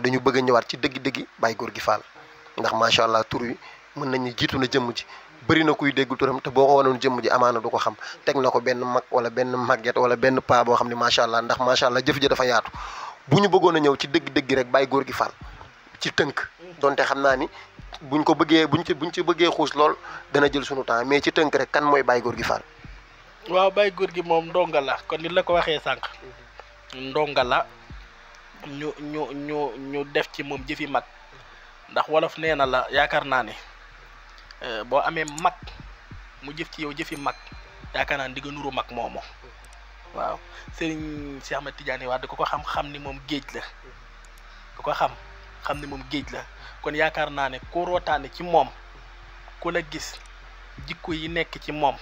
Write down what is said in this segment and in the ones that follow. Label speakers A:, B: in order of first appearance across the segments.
A: waaye dañu bëgg ñëwaat ci dëgg-dëgg Baye gi faal ndax macha allah tur wi mën nañu jiitu na jëmm ji bëri na kuy dégg turam te boo ko wanoon jëmm ji amaana du ko xam teg ko benn mag wala benn màgget wala benn paa boo xam ne macha allah ndax macha allah jëf ja dafa yaatu bu ñu bëggoon a ñëw ci dëgg-dëgg rek Baye gi Fall ci tënk donte xam naa ni buñ ko bëggee buñ ci buñ ci bëggee xuus lool dana jël sunu temps mais ci tënk rek kan mooy góor gi Fall.
B: waaw Baye Gorgui moom ndonga la kon li la ko waxee sànq ndonga la ñu ñu ñu def ci moom jëfi mag ndax wolof nee na la yaakaar naa ne euh, boo amee mag mu jëf ci yow jëfi mag yaakaar naa ne di nga nuru mag moomu waaw Serigne Cheikh Ahmed Tidiane Wade ku ko xam xam ni moom géej la ku ko xam xam ni moom géej la kon yaakaar naa ne ku rootaane ci moom ku la gis jikko yi nekk ci moom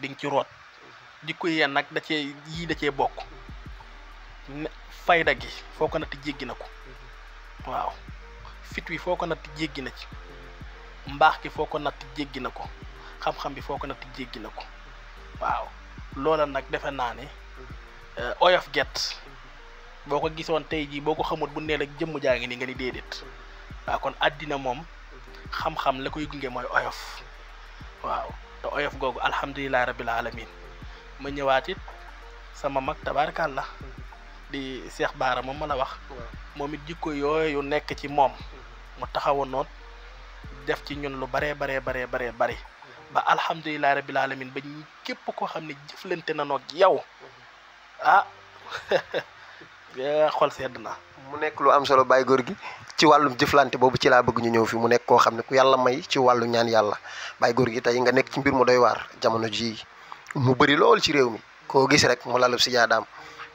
B: di ci root jikko yi nag da cee yii da cee bokk. fayda gi foo ko natt jéggi na ko mm-hmm. waaw fit wi foo ko natt jéggi na ci mbaax gi foo ko natt na ko xam-xam bi foo ko natt jéggi na ko mm-hmm. waaw loola nag defe naa ne mm-hmm. euh, oyof get boo ko gisoon tey jii boo ko xamut bu nee rek jëmm jaa ngi nii nga ni déedéet waaw kon àddina moom xam-xam la koy gunge mooy oyof waaw te oyof googu alhamdulilah rabbil alamin ma ñëwaat it sama mag tabaarkàlla di Cheikh Baara moom ma la wax. moom it jikko yooyu nekk ci moom. mu taxawoon noon def ci ñun lu baree baree baree baree bari. ba alhamdulilah rabil alamin ba ñu képp koo xam ne jëflante na noog yow ah
A: xol sedd na. mu nekk lu am solo bay góor gi ci wàllum jëflante boobu ci laa bëgg ñu ñëw fi mu nekk koo xam ne ku yàlla may ci wàllu ñaan yàlla Baye gi tey nga nekk ci mbir mu doy waar jamono jii mu bari lool ci réew mi koo gis rek mu lalu si jaadaam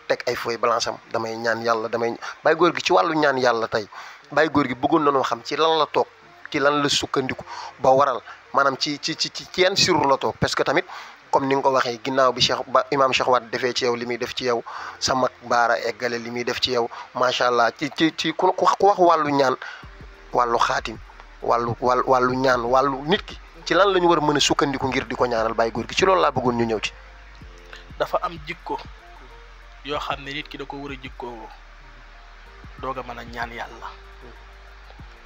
A: tek ay foy balance damay ñaan yalla damay bay goor gi ci walu ñaan yalla tay bay goor gi bëggoon nañoo xam ci lan la tok ci lan la sukkandiku ba waral manam ci ci ci ci yeen sirru la tok parce que tamit comme ni nga ko waxee bi Cheikh imam Cheikh wad defé ci yow limi def ci yow sama bara baara limi def ci yow macha allah ci ci ci ku wax walu ñaan walu khatim walu walu ñaan walu nit ki ci lan lañu wara mëna sukkandiku ngir di ñaanal bay goor gi ci loolu la bëggoon ñu ñëw ci.
B: dafa am jikko yo xamne nit ki da ko wara jikko doga mana ñaan yalla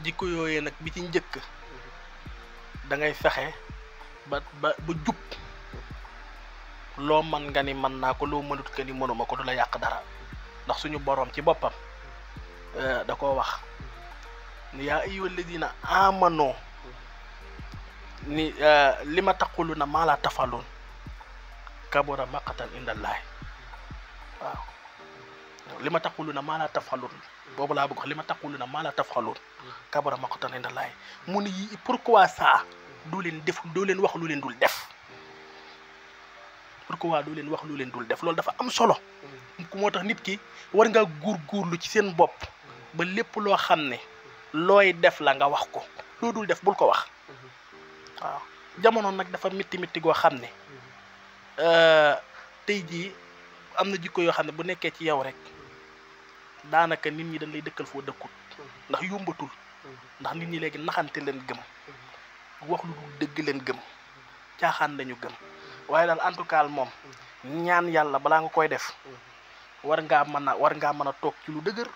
B: jikko yoyé nak bi ci ñëkk da ngay fexé ba bu ba lo man nga ni man naa ko mënut ke ni mënuma ko dula dara ndax suñu borom ci euh da ko wax ni ya alladina amano ni eh, lima taquluna maa la tafaluun kabura maqatan indallahi waaw li ma taqulu na maa laa tafalun boobu laa bëgg wax li ma taqulu na maa laa tafalun kabara maqtan inda Allahi mu ne pourquoi ça doo leen def doo leen wax lu leen dul def pourquoi leen wax lu leen dul def loolu dafa am solo moo tax nit ki war ngaa góorgóorlu ci seen bopp ba lépp loo xam ne looy def la nga wax ko loo dul def bul ko wax waaw jamono nag dafa mitti mitti goo xam ne euh, tey jii am na jikko yoo xam ne bu nekkee ci yow rek daanaka nit ñi dañ lay dëkkal foo dëkkut ndax yombatul ndax nit ñi léegi naxante leen gëm wax lu dul dëgg leen gëm caaxaan lañu gëm waaye daal en tout cas moom ñaan yàlla balaa nga koy def war ngaa mën a war ngaa mën a toog ci lu dëgër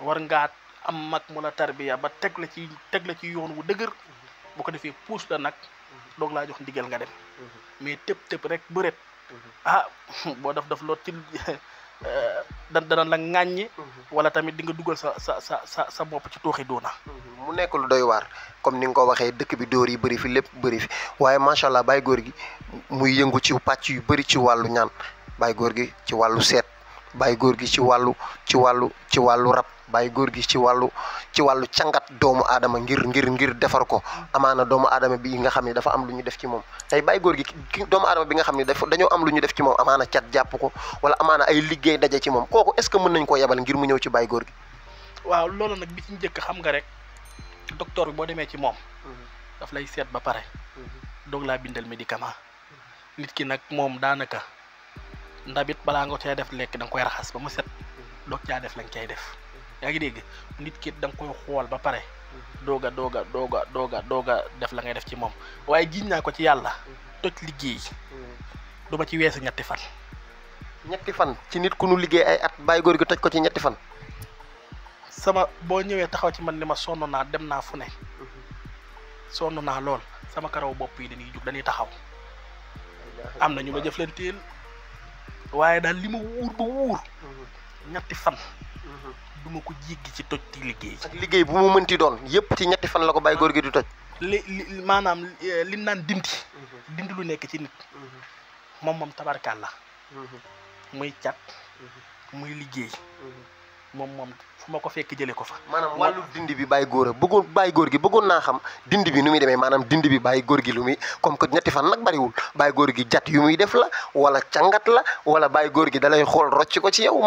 B: war ngaa am mag mu la tarbiya ba teg la ci teg la ci yoon wu dëgër bu ko defee puus la nag doog laa jox ndigal nga dem mhm. mais tëb tëb rek bëret ah boo daf daf loot ci eh, da dana la ŋàññi mhm. wala tamit di nga dugal sa sa sa sa sa bopp ci tooxi na mhm.
A: mu nekk lu doy waar comme ni nga ko waxee dëkk bi dóor yi bari fi lépp bari fi waaye macha allah Baye Góor gi muy yëngu ci pàcc yu bëri ci wàllu ñaan Baye Góor gi ci wàllu seet Baye Góor gi ci wàllu ci wàllu ci wàllu rab bàyyi góor gi ci wàllu ci wàllu cangat doomu aadama ngir ngir ngir defar ko amaana doomu aadama bi nga xam ne dafa am lu ñu def ci moom tey bàyyi góor gi doomu aadama bi nga xam ne dafa dañoo am lu ñu def ci moom amaana cat jàpp ko wala amaana ay liggéey daje ci moom kooku est-ce que mën nañ koo yebal ngir mu ñëw ci bàyyi góor
B: waaw loolu nag bi ci njëkk xam nga rek docteur bi boo demee ci moom mhm. daf lay seet ba pare mhm. doog laa bindal médicament nit ki nag moom daanaka ndabit balaa nga cay def lekk da nga koy raxas ba mu set mhm. doog caa def lañ koy def yaa ngi dégg nit ki da nga koy xool ba pare doog a doog a doog a doog a doog a def la ngay def ci moom waaye
A: jiiñ naa ko ci yàlla toj liggéey du ma ci weesu ñetti fan ñetti fan ci nit ku nu liggéey ay at bàyyi góor gi toj ko ci ñetti fan sama boo
B: ñëwee taxaw ci man ni ma sonn naa dem naa fu ne sonn naa lool sama karaw bopp yi dañuy jug dañuy taxaw am na ñu ma jëflanteel waaye daal li ma wuur ba wuur mm-hmm. ñetti fan du ma ko jéggi ci toj ci liggéey. ak liggéey bu mu mënti
A: doon yépp ci ñetti fan la ko bàyyi góor gi di toj.
B: li li maanaam eh, li naan dindi. Mhm. dindi lu nekk ci nit. Mhm. moom moom tabarkaan la. Mhm.
A: muy cat. muy liggéey. moom moom fu ma ko fekk jëlee ko fa. maanaam wàllu dindi bi bàyyi góor a bëggoon góor gi bëggoon naa xam dindi bi nu muy demee maanaam dindi bi bàyyi góor gi lu muy comme que ñetti fan nag bariwul bay góor gi jat yu muy def la wala cangat la wala bàyyi góor gi dalay xool rocc ko ci yow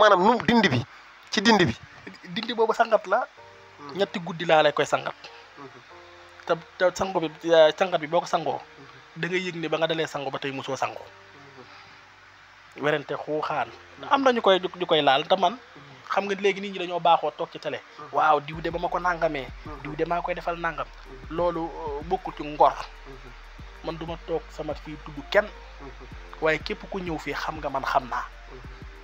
A: dindi boobu sangat la
B: mm-hmm. ñetti guddi laa lay koy sangat mm-hmm. te te sango bi eh, sangat bi boo ko sangoo mm-hmm. da nga yëg ne ba nga dalee sango ba tey mosoo sango werante xuuxaan am na ñu koy ñu koy laal te man xam nga léegi nit ñi dañoo baaxoo toog ci télé waaw diw de ba ma ko nangamee diw de maa koy defal nangam loolu uh, bokkut ci ngor man duma toog sama fii tudd kenn waaye képp ku ñëw fii xam nga man xam naa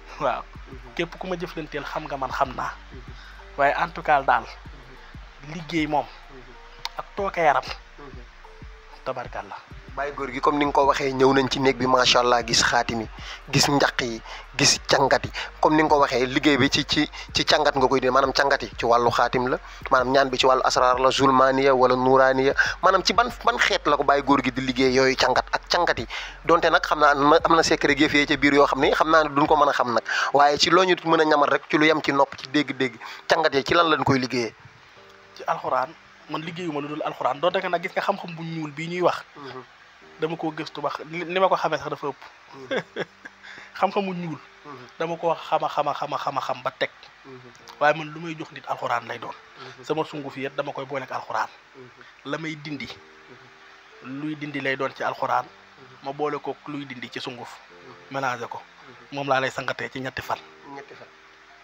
B: waaw mhm. képp ku ma jëflanteel xam nga man xam naa mhm. waaye en tout cas daal mhm. liggéey moom ak tooke yaram tabarkàlla
A: bàyyi góor gi comme ni nga ko waxee ñëw nañ ci néeg bi macha allah gis xaati gis njaq yi gis càngat yi comme ni nga ko waxee liggéey bi ci ci ci càngat nga koy dee maanaam càngat yi ci wàllu xaatim la maanaam ñaan bi ci wàllu asraar la zulmaniya wala nuraaniya maanaam ci ban ban xeet la ko bàyyi góor gi di liggéey yooyu càngat ak càngat yi donte nag xam naa am na secret géef yee ca biir yoo xam ne xam naa ne duñ ko mën a xam nag waaye ci loo ñu mën a ñamal rek ci lu yem ci nopp ci dégg-dégg càngat yi ci lan lañ koy liggéeyee
B: ci alxuraan man liggéeyuma lu dul alxuraan donte nag gis nga xam-xam bu ñuul bi ñuy wax mm-hmm. dama koo gëstu ba li ma ko xamee sax dafa ëpp xam-xamu ñuul mm-hmm. dama koo xama xama xama xama xam ba teg mm-hmm. waaye man lu may jox nit alxuraan lay doon mm-hmm. sama sunguf yet dama koy booleek alxuraan la may dindi luy dindi lay doon ci alxuraan ma boole ko luy dindi ci sunguf mélangé ko moom laa lay sangatee ci ñetti fan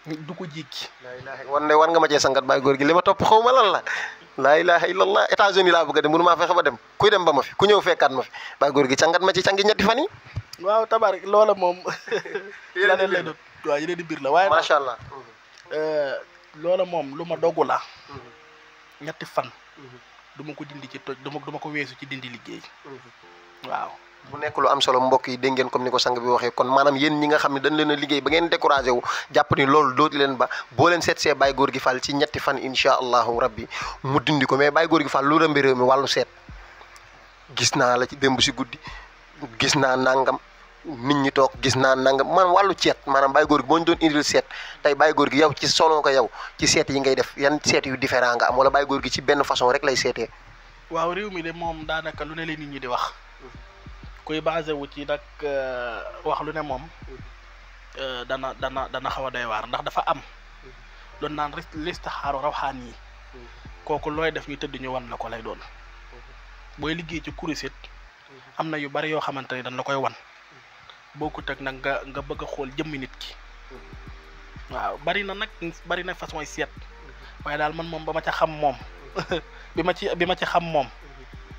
B: du ko jékki
A: wan ne war nga ma cee sangat baay góor gi li ma topp xaw ma lan la laa ilaha illallah états-unis laa bëgg a dem mënu maa fexe ba dem kuy dem ba ma ku ñëw fekkaat ma fi baay góor gi cangat ma ci cangi ñetti fan yi
B: waaw tabaar loola moom
A: laneen yeneen di biir la waaye macha allah
B: euh, loola moom lu ma dogu la mm-hmm. ñetti fan mm-hmm. du ma ko dindi ci toj du ma ko weesu ci dindi liggéey mm-hmm.
A: waaw bu nekk lu am solo mbokk yi dégg ngeen comme ni ko sang bi waxee kon maanaam yéen ñi nga xam ne dañ leen a liggéey ba ngeen découragé wu jàpp ni loolu dootu leen ba boo leen seet see Baye Gorgui Fall ci fan incha allahu rabbi mu dindi ko mais Baye Gorgui Fall lu rëmbi réew mi seet gis naa la ci démb si guddi gis naa nangam nit ñi toog gis naa nangam man wàllu ceet maanaam Baye Gorgui boo ñu doon indil seet tey Baye Gorgui yow ci soloo ko yow ci seet yi ngay def yan seet yu différent nga am wala Baye gi ci benn façon rek lay seetee waaw réew moom daanaka lu ne la di
B: wax kuy basé wu ci nag euh, wax lu ne moom euh, dana dana dana xaw a doy waar ndax dafa am doon naan liste xaaru rawxaan yi kooku looy def ñu tëdd ñu wan la ko lay doon booy liggéey ci kuréel am na yu bari yoo xamante ni dañ la koy wan bokkut ak nag nga nga bëgg xool jëmm nit ki waaw bari na nag bari na façon yi seet waaye daal man moom ba ma ca xam moom bi ma ci bi ma ci xam moom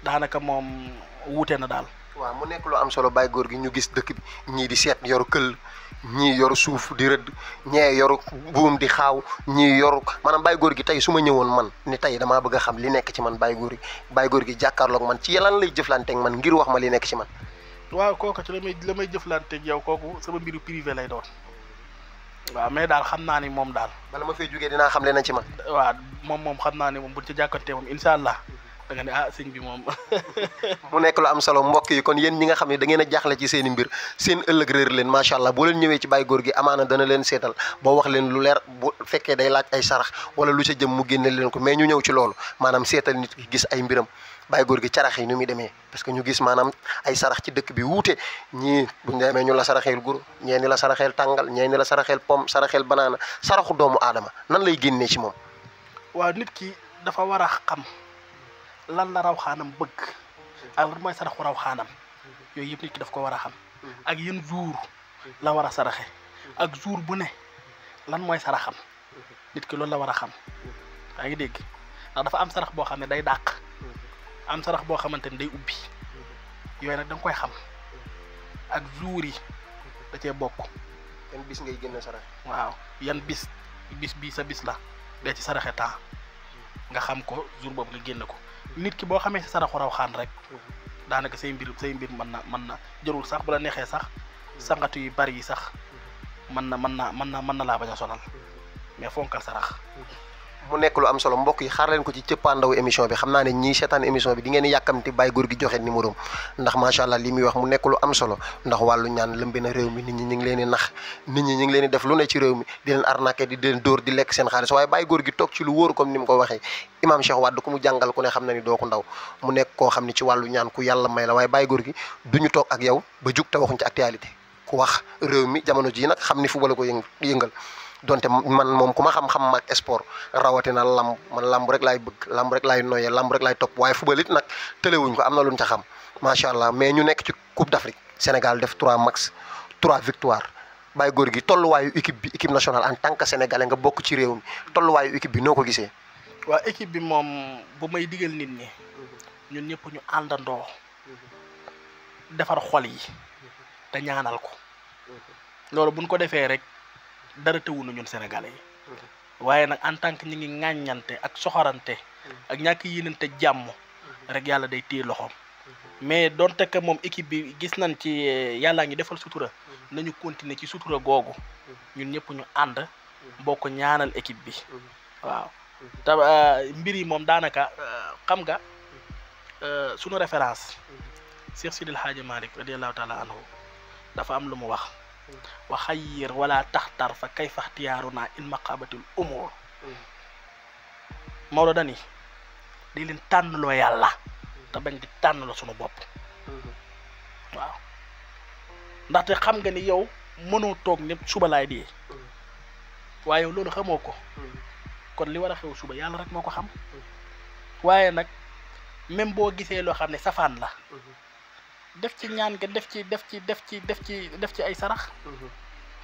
B: daanaka moom wuute na daal.
A: wa mu nek ya, lu am solo bay gor gi ñu gis dekk ñi di set yoru keul ñi yoru suuf di reud ñe yoru buum di xaw ñi yoru manam bay gor gi tay suma ma man ni tay dama bëgg xam li nekk ci man bay gor gi bay gor gi jàkkaarloog man ci lan lay ak man ngir wax ma li nekk ci man
B: wa koku ci lamay lamay la ak yow koku sama mbiru privé lay doon wa mais dal xamna ni mom dal
A: bala ma fay jógee dina xam le na ci man
B: wa mom mom xamna ni mom bu ci jàkkantee mom inshallah da nga ne ah sëñ bi moom.
A: mu nekk lu am solo mbokk yi kon yéen ñi nga xam ne da ngeen a jaaxle ci seen mbir seen ëllëg réer leen macha allah boo leen ñëwee ci bàyyi góor gi amaana dana leen seetal boo wax leen lu leer bu fekkee day laaj ay sarax wala lu ca jëm mu génne leen ko mais ñu ñëw ci loolu maanaam seetal nit ki gis ay mbiram bàyyi gor gi carax yi nu muy demee parce que ñu gis maanaam ay sarax ci dëkk bi wuute ñii buñ demee ñu la saraxeel guro ñee la saraxeel tàngal ñee la saraxeel pom saraxeel banaana saraxu doomu aadama nan lay génnee ci moom
B: lan la raw xaanam bëgg ak lan mooy saraxu raw xaanam yooyu yëpp nit ki daf ko war a xam mhm. ak yéen jour la war a saraxe ak jour bu ne lan mooy saraxam mhm. nit ki loolu la war a xam mhm. yaa ngi dégg ndax dafa am sarax boo xam ne day dàq am sarax boo xamante ni day ubbi yooyu nag danga koy xam ak jour yi da cee bokk. yan bis ngay génn saraxe. waaw yan bis bis bii sa bis la dee ci saraxe temps nga xam ko jour boobu nga génne ko. nit ki boo xamee sa saraxu raw xan rek daanaka sey mbir sey mbir mën na man na jarul sax bu la neexee sax sangatu yu bari yi sax mën na mën na mën na mën na laa bañ a sonal mm-hmm. mais fonkal sarax mm-hmm.
A: mu nekk lu am solo mbokk yi xaar leen ko ci cëppaandaw émission bi xam naa ne ñii seetaan émission bi di ngeen yàkkamti bàyyi góor gi joxe numéro ndax macha allah li muy wax mu nekk lu am solo ndax wàllu ñaan lëmbe na réew mi nit ñi ñu ngi leen nax nit ñi ñu ngi leen di def lu ne ci réew mi di leen arnaqué di leen dóor di lekk seen xaalis waaye bàyyi góor gi toog ci lu wóor comme ni mu ko waxee imaam Cheikh Wade ku mu jàngal ku ne xam na ni doo ko ndaw mu nekk koo ku yàlla yow ba jug te waxuñ ci wax réew mi jamono ji nag xam ni fu bala ko yëngal donte man mom kuma xam-xam mak sport rawati na lamb man lamb rek lay bëgg lamb rek lay noyé lamb rek lay top waye football it nak télé wuñ ko amna luñ ta xam ma sha allah mais ñu nekk ci coupe d'Afrique Sénégal def 3 max 3 victoires bay góor gi tollu wayu équipe bi équipe nationale en tant que sénégalais nga bokku ci réew mi tollu wayu équipe bi noko gisé
B: wa équipe bi mom bu may diggal nit ñi ñun ñepp ñu andando defar xol yi te ñaanal ko
C: mhm.
B: lolu buñ ko defee rek. dara tëwu na ñun sénégalais yi mhm. waaye nag en tant que ñu ngi ŋàññante ak soxorante mhm. ak ñàkk yéenante jàmm mhm. rek yàlla day téye loxo mais donte que moom équipe bi gis nañ ci eh, yàllaa ngi defal sutura nañu continuer ci sutura googu ñun ñëpp ñu ànd bokk ñaanal équipe bi waaw te euh, mbir yi moom daanaka euh, xam nga euh, sunu référence Cheikh Sidil Hadji Malick radiallahu taala anhu dafa am lu mu wax wa xayir wala taxtar fa kayfa ixtiyaaruna in maqabatil umur Maodo dani di leen tànnloo yàlla te bañ di tànnloo sunu bopp waaw ndaxte xam nga ni yow mënoo toog ne suba laay dee waaye loolu xamoo ko kon li war a xew suba yàlla rek moo ko xam waaye nag même boo gisee loo xam ne safaan la def ci ñaan nga def ci def ci def ci def ci def ci ay sarax mhm.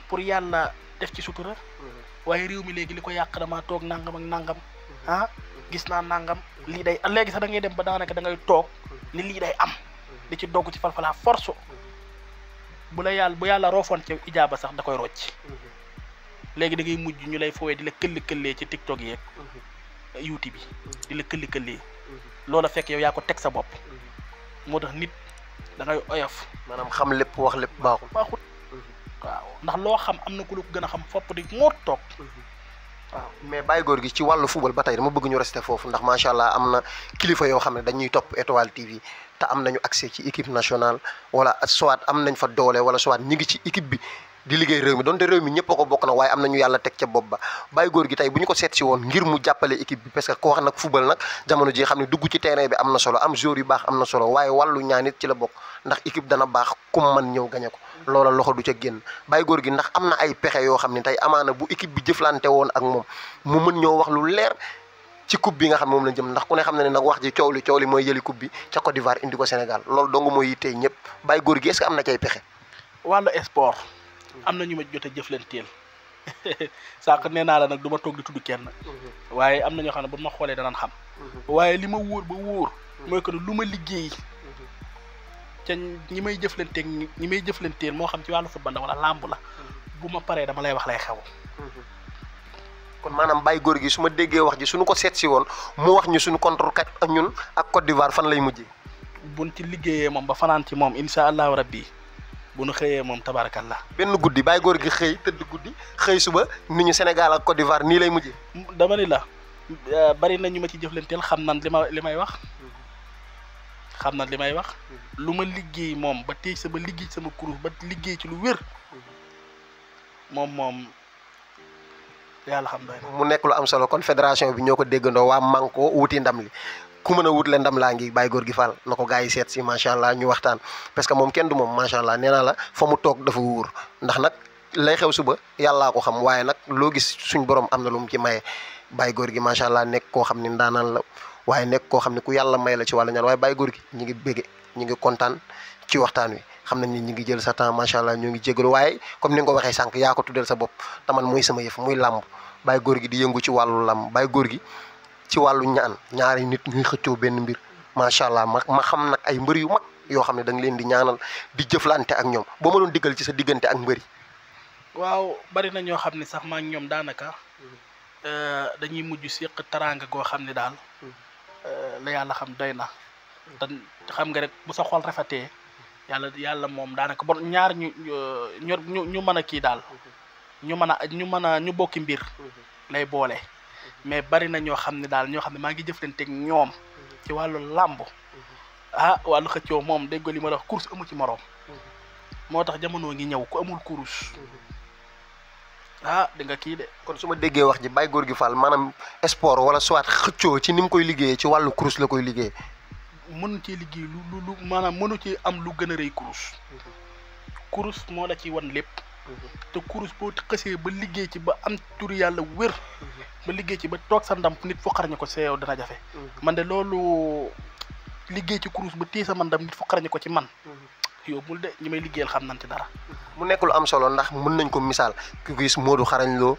B: pour yàlla def ci sutura mhm. waaye réew mi léegi li ko yàq damaa toog nangam ak nangam mhm. ah gis naa nangam lii day léegi sax da ngay dem ba daanaka da ngay toog ni lii day am di ci dogg ci falfala force bu la yàlla bu yàlla roofoon ci ijaaba sax da koy rocc léegi da ngay mujj ñu lay foowee di la këll këllee ci tiktok yeeg youtube bi di la këll këllee loola fekk yow yaa ko teg sa bopp moo tax nit da ngay oyof. maanaam xam lépp wax lépp baaxul. baaxul waaw ndax loo xam am na ku la ko gën a xam fopp di moo toog.
A: waaw mais Baye Góor gi ci wàllu football ba tey dama bëgg ñu rester foofu ndax macha allah am na kilifa yoo xam ne dañuy topp étoile nañ fa doole wala soit ñi ngi ci équipe bi di liggéey réew mi donte réew mi ñëpp a ko bokk na waaye am nañu yàlla teg ca bopp ba Baye Góor gi tey bu ñu ko seet si woon ngir mu jàppale équipe bi parce que ko wax nag football nag jamono ji xam ne dugg ci terrain bi am na solo am joueur yu baax am na solo waaye wàllu ñaan it la bokk ndax équipe dana baax comme man ñëw gañe ko loola loxo du ca génn bàyyi góor gi ndax am na ay pexe yoo xam ne tey amaana bu équipe bi jëflante woon ak moom mu mën ñoo wax lu leer ci coupe bi nga xam ne moom lañ jëm ndax ku ne xam ne ne nag wax ji coow li coow li mooy jëli coupe bi ca Côte d'Ivoire indi ko Sénégal loolu dong mooy yittee ñëpp bàyyi góor gi est-ce que am na cay pexe
B: wàllu sport am na ñu ma jot a jëflanteel sànq nee naa la nag du ma toog di tudd kenn mhm. waaye am na ñoo xam ne bu ma xoolee danaan xam mhm. waaye li ma ca ñi may jëflanteeg ñi may jëflanteel moo xam ci wàllu football wala làmb la bu ma paree dama lay wax lay xew
A: kon maanaam bàyyi góor gi su ma déggee wax ji suñu ko seet si woon wax ñu suñu kat ak ñun ak Côte d'Ivoire fan lay mujjee buñ mam liggéeyee moom ba
B: fanaan ci moom insha rabbi bu nu xëyee moom tabarakallah
A: benn guddi bay góor gi xëy tëdd guddi xëy suba ni ñu Sénégal ak Côte d'Ivoire nii lay mujjee dama ni la euh, bari
B: na ci xam nan wax xam na li may wax mm-hmm. lu ma liggéey moom ba téye sama liggéey sama kurus ba liggéey ci lu wér mm-hmm. moom moom
A: yàlla xam doy na mu nekk lu am solo kon fédération bi ñoo ko déggandoo waa Manko wuti ndam li ku mën a wut leen ndam laa ngi bàyyi góor gi faal na ko gaa yi seet si macha allah ñu waxtaan parce que moom kenn du moom macha allah nee la fa mu toog dafa wóor ndax nag lay xew suba yàllaa ko xam waaye nag loo gis suñ borom am na lu mu ci maye bàyyi góor gi macha allah nekk koo xam ne ndaanaan waye nek ko xamni ku yalla may la ci wàllu ñaan waye bay góor gi ñi ngi ñi ngi contane ci waxtaan wi xamna ñi ni ngi jël sa temps machallah allah ngi jéggul waye comme ni nga ko sank ya ko tuddel sa taman muy sama yef muy lamb bay góor gi di yëngu ci walu lamb bay góor gi ci walu ñaan ñaari nit ñuy xëccu bir, mbir machallah allah ma ma xam nak ay mbër yu mag yo xamni ne da nga leen di ñaanal di jëflante ak ñom bo ma doon diggal ci sa digënté ak mbëri
B: waaw bari na ñoo xam ne sax maa ñoom daanaka hmm. euh, dañuy mujj séq daal hmm. Eh, la yàlla xam doy na te xam nga rek bu sa xol rafetee yàlla yàlla moom daanaka bon ñaar ñu ñu ñu mën a kii daal ñu mën a ñu mën a ñu bokki mbir lay boole mais bari na ñoo xam ne daal ñoo xam ne maa ngi jëflante ak ñoom ci wàllu làmb ah wàllu xëccoo moom dégg li ma la wax ci moroom moo tax jamono ngi ñëw ku amul course
A: ah di nga kii de. kon su ma déggee wax ji góor gi Fall maanaam sport wala soit xëccoo ci ni mu koy liggéeyee ci wàllu kurus la koy liggéeyee.
B: mënu cee liggéey lu lu lu maanaam mënu ci am lu gën a rëy kurus. kurus moo la ciy wan lépp. Mhm. te kurus boo xësee ba liggéey ci ba am tur yàlla wér. Mhm. ba liggéey ci ba toog sa ndam nit fu xarañu ko see yow jafe. Mhm. man de loolu liggéey ci kurus ba téye sama ndam nit fu xarañu ko ci man. yóbbul de ñi may liggéeyal xam nañ dara.
A: mu nekk lu am solo ndax mën nañ koo misaal ku gis Modou xarañ loo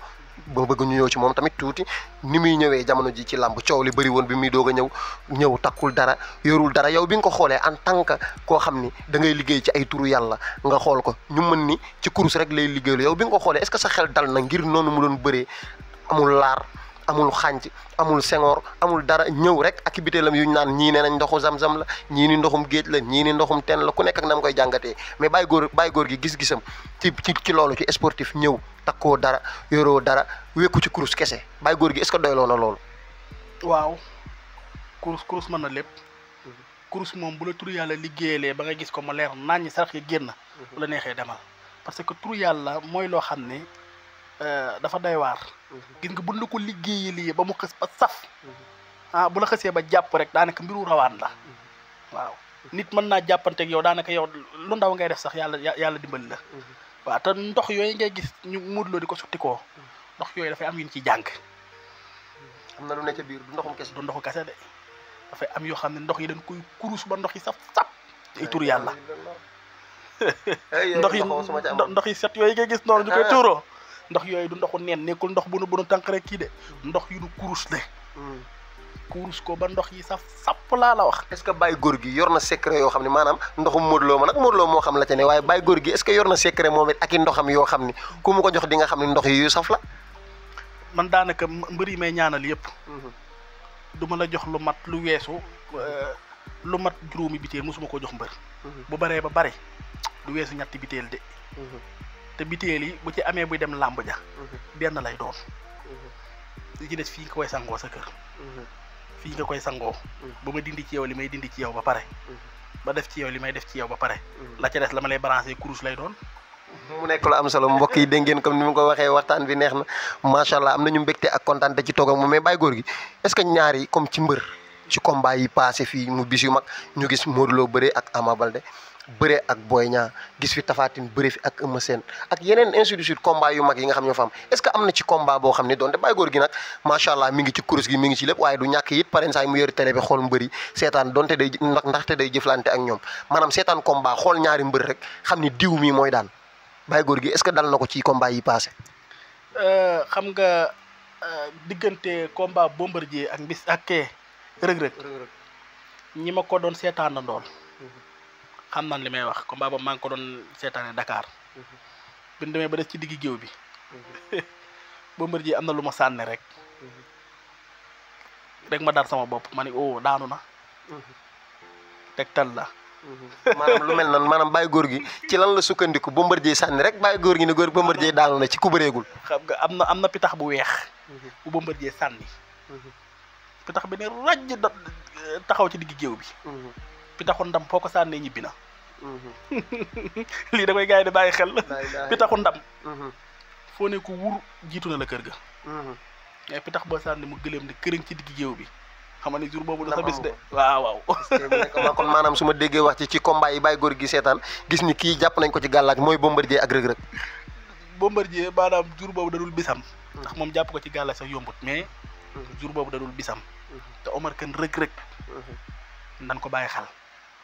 A: ba bëgg ñu ñëw ci moom tamit tuuti ni muy ñëwee jamono ji ci làmb coow li bëri bi muy doog a ñëw ñëw takkul dara yorul dara yow bi nga ko xoolee en tant que koo xam ni dangay liggéey ci ay turu yàlla nga xool ko ñu mën ni ci course rek lay liggéeylu yow bi nga ko xoolee est-ce sa xel dal na ngir noonu mu doon bëree amul laar amul xànc amul sengoor amul dara ñëw rek ak bitéelam yu ñu naan ñii ne nañ ndoxu zam sam la ñii ni ndoxum géej la ñii ni ndoxum teen la ku nekk ak na mu koy jàngatee mais bàyyi góor bàyyi góor gi gis-gisam ci ci ci loolu ci sportif ñëw takkoo dara yoroo dara wékku ci kurus kese bàyyi góor gi est-ce doyloo na loolu.
B: waaw kurus kurus mën na lépp. kurus moom bu la turu yàlla liggéeyalee ba nga gis ko ma leer naan ñi sarax yi génn. Mhm. bu la neexee demal parce que turu yàlla mooy loo xam ne Eh, dafa doy war mhm. gën nga buñ ko liggéey li ba mu xës ba saf mhm. ah bu la xësee ba japp rek daanaka mbiru rawaan la mhm. waaw nit mën jappante ak yow daanaka yow lu ndaw ngay def sax yalla yalla dimbal la wa ta ndox yoy ngay gis ñu muudloo di ko ndox yoy da fay am yu ci ciy
A: amna lu ne ca biir du ndoxum
B: kess du ndoxu kasse de da fay am yo xamne ndox yi dañ koy kurus ba ndox yi saf saf ay tour yalla ndox yi ndox yi set yoy ngay gis non ñu koy touro ndox yooyu du ndoxu neen nekkul ndox bu nu bu nu tànk rek kii de ndox yu du kurus de hmm. kurus ko ba ndox yi sa sapp
A: laa la wax est-ce que Baye Góor gi yor na secret yoo xam ne maanaam ndoxum Lo ma nag Lo moo xam la ca ne waaye Baye Góor gi est-ce que yor na secret moom it ak i ndoxam yoo xam ni ku mu ko jox di nga xam ne ndox yi yu saf la
B: man daanaka mbër yi may ñaanal yëpp hmm. duma la jox lu mat lu weesu euh, lu mat juróomi biteel musuma ko jox mbër hmm. bu baree ba bare du weesu ñetti biteel de te biteel yi bu ci amee buy dem lamb ja mhm. benn lay doon
C: mhm.
B: li ci des fii nga koy sangoo sa kër mhm. fii nga koy sangoo ba ma dindi ci yow li dindi ci yow ba pare ba def ci yow li may def ci yow ba pare la ca des la ma lay branché kurus lay doon
A: mu nekk lu am solo mbokk yi dégg comme ni mu ko waxee waxtaan bi neex na macha allah am ñu mbégte ak kontaan ci toog ak moom mais bàyyi góor gi est-ce que comme ci mbër ci combat yi passé fii mu bis yu ñu gis Modulo ak Ama Balde bëré ak boyña gis fi tafaatin bëré fi ak ëmm sen ak yenen institution de combat yu mag yi nga xam ñoo fam est-ce que ci combat bo xamni donte bay gor gi nak ma sha allah mi ngi ci course gi mi ngi ci lepp waye du ñak it pareen say mu yëru télé bi xol mbëri sétan donte day ndax ndaxte day jëflanté ak ñom Manam sétan combat xol ñaari mbër rek xamni ni mi moy daan bay gor gi est-ce que dal nako ci combat yi passé
B: euh, xam nga euh, digënté combat Bombardier ak mbiss ak rek rek ñima ko doon seetaanandool xam nan limay wax combat boobu mang ko don Dakar Benda ñu ba def ci digi géew bi bo am na rek rek ma dar sama bop mani. o oh daanu na tal la
A: manam lu mel non manam bay gor gi ci lan la sukkandiku Bombardier sànni rek bàyyi góor gi ne bo Bombardier daanu na ci ku beregul
B: xam nga amna amna am na pitax bu weex bu Bombardier sanni pitax bi ne rajj taxaw ci digi bi pi taxu ndam foo ko sànnee ñibbi na. Mhm. lii da koy gars di bàyyi xel. pi taxu ndam. Mhm. foo
A: ne ko wur jiitu na la kër ga. Mhm. mais
B: pi tax boo sànni mu gëléem di këriñ ci digg géew bi. xam ne jour boobu dafa bis de
A: waaw waaw kon maanaam su ma déggee wax ci ci combat yi bàyyi góor gi seetaan gis ni kii jàpp nañ ko ci gàllaaj mooy Bombardier ak Reug Reug Bombardier maanaam
B: jour boobu dadul bisam ndax moom jàpp ko ci gàllaaj sax yombut mais jour boobu dadul bisam te Omar Kane ko bàyyi xel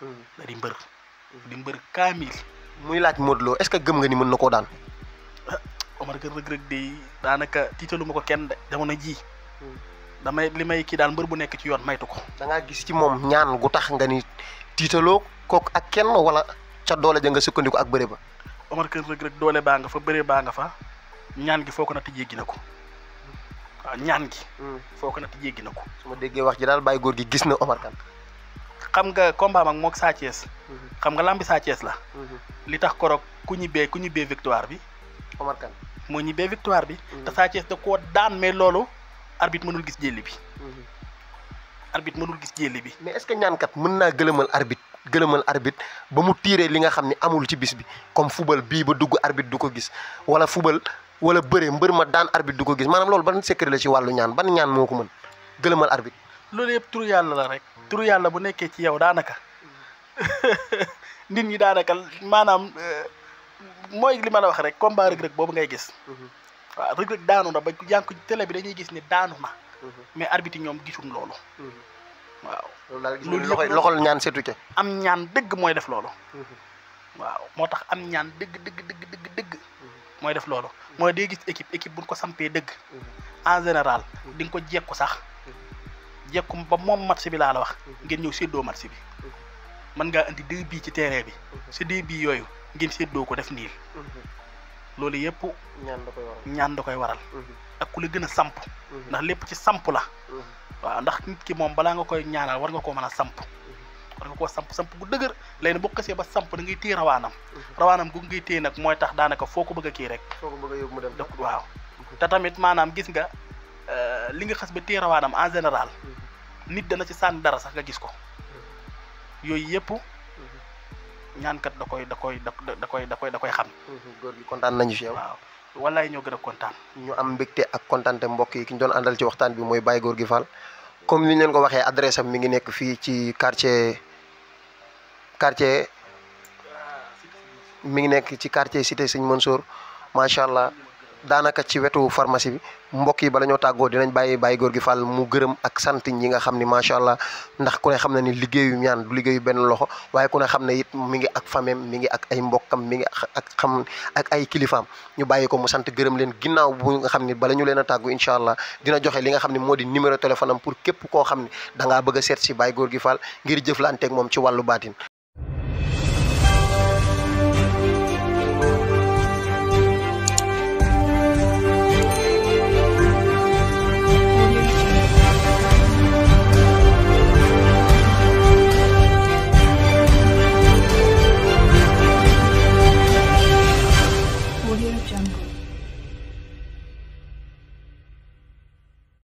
B: da hmm. di mbër.
A: di mbër kaamil. muy laaj Modou Lo est-ce que gëm nga ni mën na koo daan.
B: Omar Kër Reug Reug de daanaka tiitalu ma ko kenn de jamono ji hmm. damay li may kii daal mbër bu
A: nekk ci yoon maytu ko. da ngaa gis ci moom ñaan gu tax nga ni tiitaloo kook ak kenn wala ca doole ja nga sukkandiku ak bëre ba.
B: Omar Kër Reug Reug doole baa nga fa bëre baa nga fa ñaan gi foo ko natt jéggi na ko. Hmm. waaw ñaan gi. foo ko natt jéggi na ko. su ma déggee wax ji daal bàyyi góor gi gis na Omar kan. xam nga combat ak mok Sa Thiès mhm. xam nga lambi Sa Thiès la mhm. li tax korok ku be ku ñibbee victoire bi Omar Kane moo ñibbee victoire bi mhm. ta Sa Thiès da ko daan mais lolu arbitre mënul gis jëlli bi
A: arbitre mënul gis jëlli bi mais est ce que kat mën naa gëlemal arbitre gëlemal arbitre ba mu tiré li nga xamni amul ci bis bi comme fubal bi ba dugg arbitre du ko gis wala fubal wala beure mbeur ma daan arbitre du ko gis manam lolu ban secret la ci walu ñaan ban ñaan moko mën gëlemal arbitre loolu yëpp tur yàlla la rek tur yàlla bu nekkee ci yow daanaka
B: nit ñi daanaka maanaam euh, mooy li ma la wax rek combat Reug Reug boobu ngay gis mhm. waaw Reug Reug daanu na ba jànku bi dañuy gis ni daanu na mhm. mais arbitre ñoom gisuñ loolu mhm. waaw loolu ñaan setu am ñaan dëgg mooy def loolu waaw moo tax am ñaan dëgg dëgg dëgg def loolu mooy day gis équipe buñ ko sampee dëgg général di nga ko jekku sax jekkum ba mom marché bi la la wax mhm. ngeen ñew seddo marché bi mhm. man nga andi deux bi ci terrain bi ci mhm. deux bi yoyu ngeen seddo ko def nil loolu yépp
A: ñaan da koy waral
B: ñaan da koy waral ak ku la gëna samp ndax lepp ci samp la wa ndax nit ki mom bala nga koy ñaanal war nga ko mëna samp war nga ko samp samp gu dëgër lay ne boo ba samp da ngay téye rawanam rawanam gu ngay téye nak moy tax daanaka foo ko bëgg ki rek
A: foko bëgg a mu dem
B: waaw ta tamit manam gis nga Euh, li nga xas ba téerawaanam en général nit dana ci sànni dara sax nga gis ko yooyu yëpp ñaankat da koy da koy da koy da koy xam. góor kontaan nañu fi yow. waaw ñoo gën a
A: kontaan. ñu am mbégte ak kontaan te mbokk yi ki ñu doon àndal ci waxtaan bi mooy Baye gi Fall comme ni ñu leen ko waxee adresse am mi ngi nekk fii ci quartier quartier mu ngi nekk ci quartier Cité Sëñ Mansour macha allah. daanaka ci wetu pharmacie bi mbokk yi bala ñoo tàggoo dinañ bàyyi bàyyi góor gi Fall mu gërëm ak sant ñi nga xam ni macha allah ndax ku ne xam na ni liggéeyu ñaan du liggéeyu benn loxo waaye ku ne xam ne it mi ngi ak famem mi ngi ak ay mbokkam mi ngi ak xam ak ay kilifaam ñu bàyyi ko mu sant gërëm leen ginnaaw bu nga xam ni bala ñu leen a tàggu incha allah dina joxe li nga xam ne moo di numéro téléphone pour képp koo xam ne da ngaa bëgg seet si bàyyi góor gi Fall ngir jëflanteeg moom ci wàllu baatin